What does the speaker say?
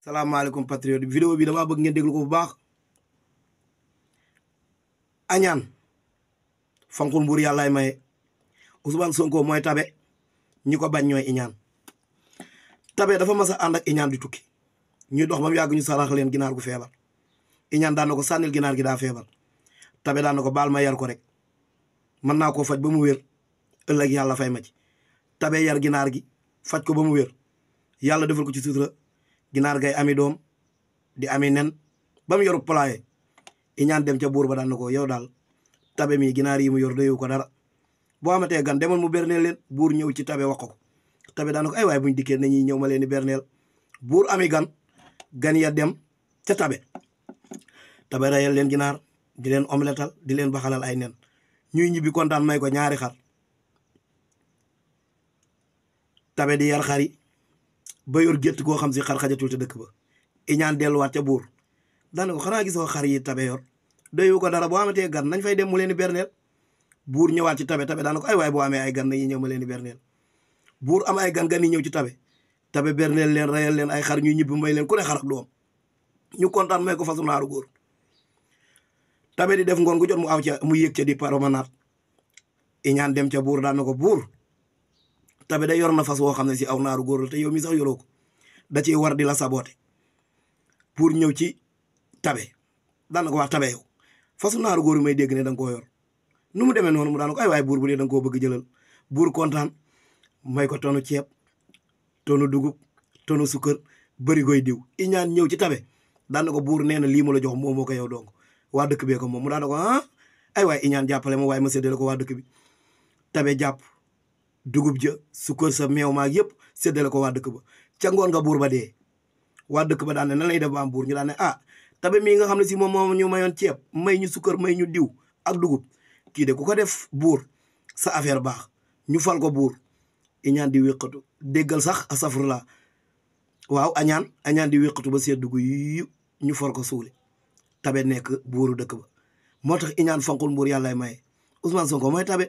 salaamaaleykum patriote bi vidéo bi damaa bëgg ngeen déglu ko baax añaan fankul mbuur yàllaay may Ousmane Sonko mooy tabe ñi ko bañ ñooy iñaan tabe dafa mas a ànd ak iñaan di tukki ñuy dox ba mu yàgg ñu sarax ginaar gu feebar iñaan daan na ko sànnil ginaar gi daa feebar tabe daan na ko baal ma yar ko rek mën naa koo faj ba mu wér ëllëg yàlla fay ma ci tabe yar ginaar gi faj ko ba mu wér yàlla ci sutura ginaar gay ami doom di ami nen ba mu yoru poulailler i ñaan dem ca buur ba daan na ko yow daal tabe mi ginaar yi mu yor doyu ko dara boo amatee gan demoon mu berneel leen buur ñëw ci tabe wax ko tabe daan na ko ay waaye buñ dikkee nañuy ñëw ma leen di berneel buur ami gan gan ya dem ca tabe tabe rayal leen ginaar di leen omeletal di leen baxalal ay nen ñuy ñibbi kontaan may ko ñaari xar tabe di yar xar ba yor gétt goo xam si xar xajatul te dëkk ba iñaan delluwaat ca buur daana ko xanaa gisoo xar yi tabe yor dayu ko dara boo amatee gan nañ fay dem mu leen berneel buur ñëwaat ci tabe tabe daana ko ay waay boo amee ay gan nañuy ñëw ma leen berneel buur am ay gan ñëw ci tabe tabe berneel leen rayal leen ay xar ñu ñibbi may leen ku ne xar ak ñu kontaan may ko fasu naaru góor tabe di def ngoon gu jot mu aw ca mu yëg ca di paromanaat iñaan dem ca buur daan na ko buur tabe da yor na fas woo xam ne si aw naaru góor la te yow mi sax yoroo ko da ciy war di la saboote pour ñëw ci tabe daana ko wax tabe yow fasu naaru góor may dégg ne da nga koo yor nu mu demee noonu mu daana ko ay waaye buur bu dee da nga koo bëgg jëlal buur kontaan may ko tonu ceeb tonu dugub tonu sukkër bëri goy diw iñaan ñëw ci tabe daana ko buur nee na lii ma la jox moom moo ko yow donc waa dëkk bee ko moom mu daana ko ah ay waaye iñaan jàppale ma waaye ma séddale ko waa dëkk bi tabe jàpp dugub ja sukkar sa meew maag yëpp séddale ko waa dëkk ba ca ngoon buur ba dee waa dëkk ba daan ne nan lay def ba am buur ñu daan ne ah tabe mii nga xam ne si moom moom ñu mayoon ceeb may ñu sukkar may ñu diw ak dugub kii de ku ko def buur sa affaire baax ñu fal ko buur iñaan di wéqatu déggal sax asafurla waaw añaan añaan di wéqatu ba seet dugub ñu for ko suule tabe nekk buuru dëkk ba moo tax iñaan fankul mbuur yàllay may Ousmane Sonko mooy tabe